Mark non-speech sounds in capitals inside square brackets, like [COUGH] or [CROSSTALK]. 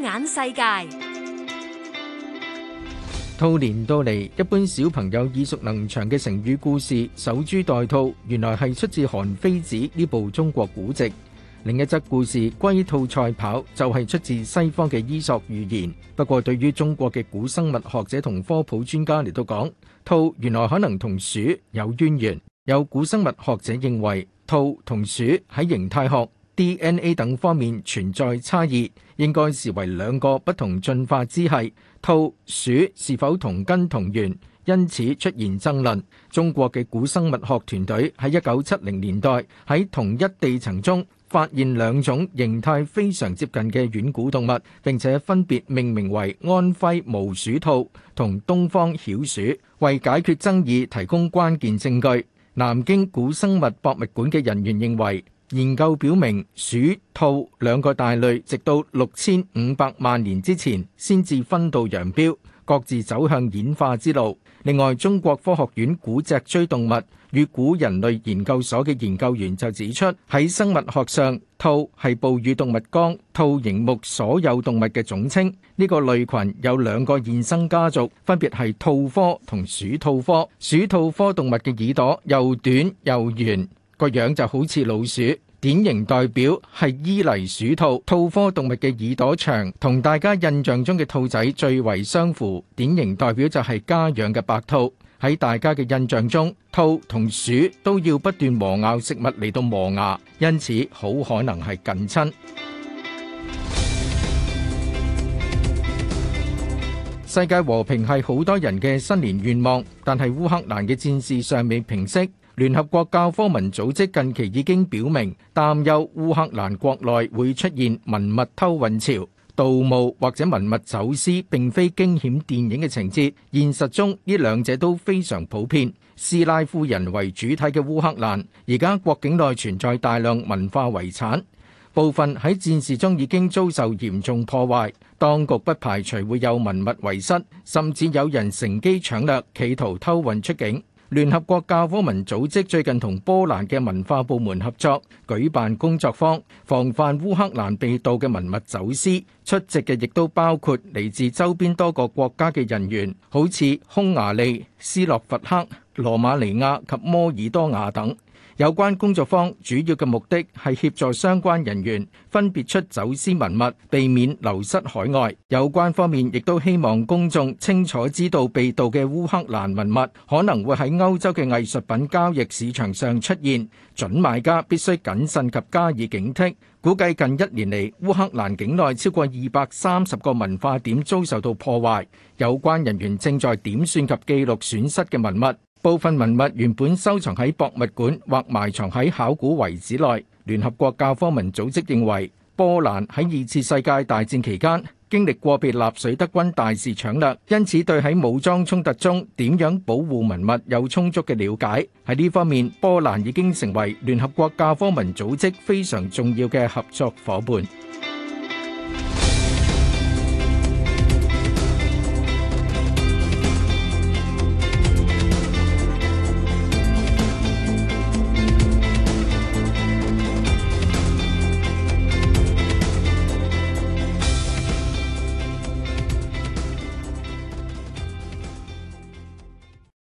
眼世界，兔年到嚟，一般小朋友耳熟能詳嘅成語故事“守株待兔”，原來係出自《韓非子》呢部中國古籍。另一則故事“龜兔賽跑”就係出自西方嘅《伊索寓言》。不過，對於中國嘅古生物學者同科普專家嚟到講，兔原來可能同鼠有淵源。有古生物學者認為，兔同鼠喺形態學。DNA 等方面存在差異，應該視為兩個不同進化支系。兔鼠是否同根同源，因此出現爭論。中國嘅古生物學團隊喺一九七零年代喺同一地層中發現兩種形態非常接近嘅遠古動物，並且分別命名為安徽毛鼠兔同東方曉鼠，為解決爭議提供關鍵證據。南京古生物博物館嘅人員認為，研究表明，鼠兔兩個大類直到六千五百萬年之前先至分道揚鑣，各自走向演化之路。另外，中國科學院古脊椎動物與古人類研究所嘅研究員就指出，喺生物學上，兔係哺乳動物綱兔形目所有動物嘅總稱，呢個類群有兩個現生家族，分別係兔科同鼠兔科。鼠兔科動物嘅耳朵又短又圓。個樣就好似老鼠，典型代表係伊犁鼠兔，兔科動物嘅耳朵長，同大家印象中嘅兔仔最為相符。典型代表就係家養嘅白兔。喺大家嘅印象中，兔同鼠都要不斷磨咬食物嚟到磨牙，因此好可能係近親。 [MUSIC] 世界和平係好多人嘅新年願望，但係烏克蘭嘅戰事尚未平息。聯合國教科文組織近期已經表明擔憂烏克蘭國內會出現文物偷運潮，盜墓或者文物走私並非驚險電影嘅情節，現實中呢兩者都非常普遍。斯拉夫人為主體嘅烏克蘭，而家國境內存在大量文化遺產，部分喺戰事中已經遭受嚴重破壞，當局不排除會有文物遺失，甚至有人乘機搶掠，企圖偷運出境。聯合國教科文組織最近同波蘭嘅文化部門合作舉辦工作坊，防範烏克蘭被盜嘅文物走私。出席嘅亦都包括嚟自周邊多個國家嘅人員，好似匈牙利、斯洛伐克、羅馬尼亞及摩爾多瓦等。有關工作坊主要嘅目的係協助相關人員分別出走私文物，避免流失海外。有關方面亦都希望公眾清楚知道被盜嘅烏克蘭文物可能會喺歐洲嘅藝術品交易市場上出現，準買家必須謹慎及加以警惕。估計近一年嚟，烏克蘭境內超過二百三十個文化點遭受到破壞，有關人員正在點算及記錄損失嘅文物。部分文物原本收藏喺博物館或埋藏喺考古遺址內。聯合國教科文組織認為，波蘭喺二次世界大戰期間經歷過被納粹德軍大肆搶掠，因此對喺武裝衝突中點樣保護文物有充足嘅了解。喺呢方面，波蘭已經成為聯合國教科文組織非常重要嘅合作伙伴。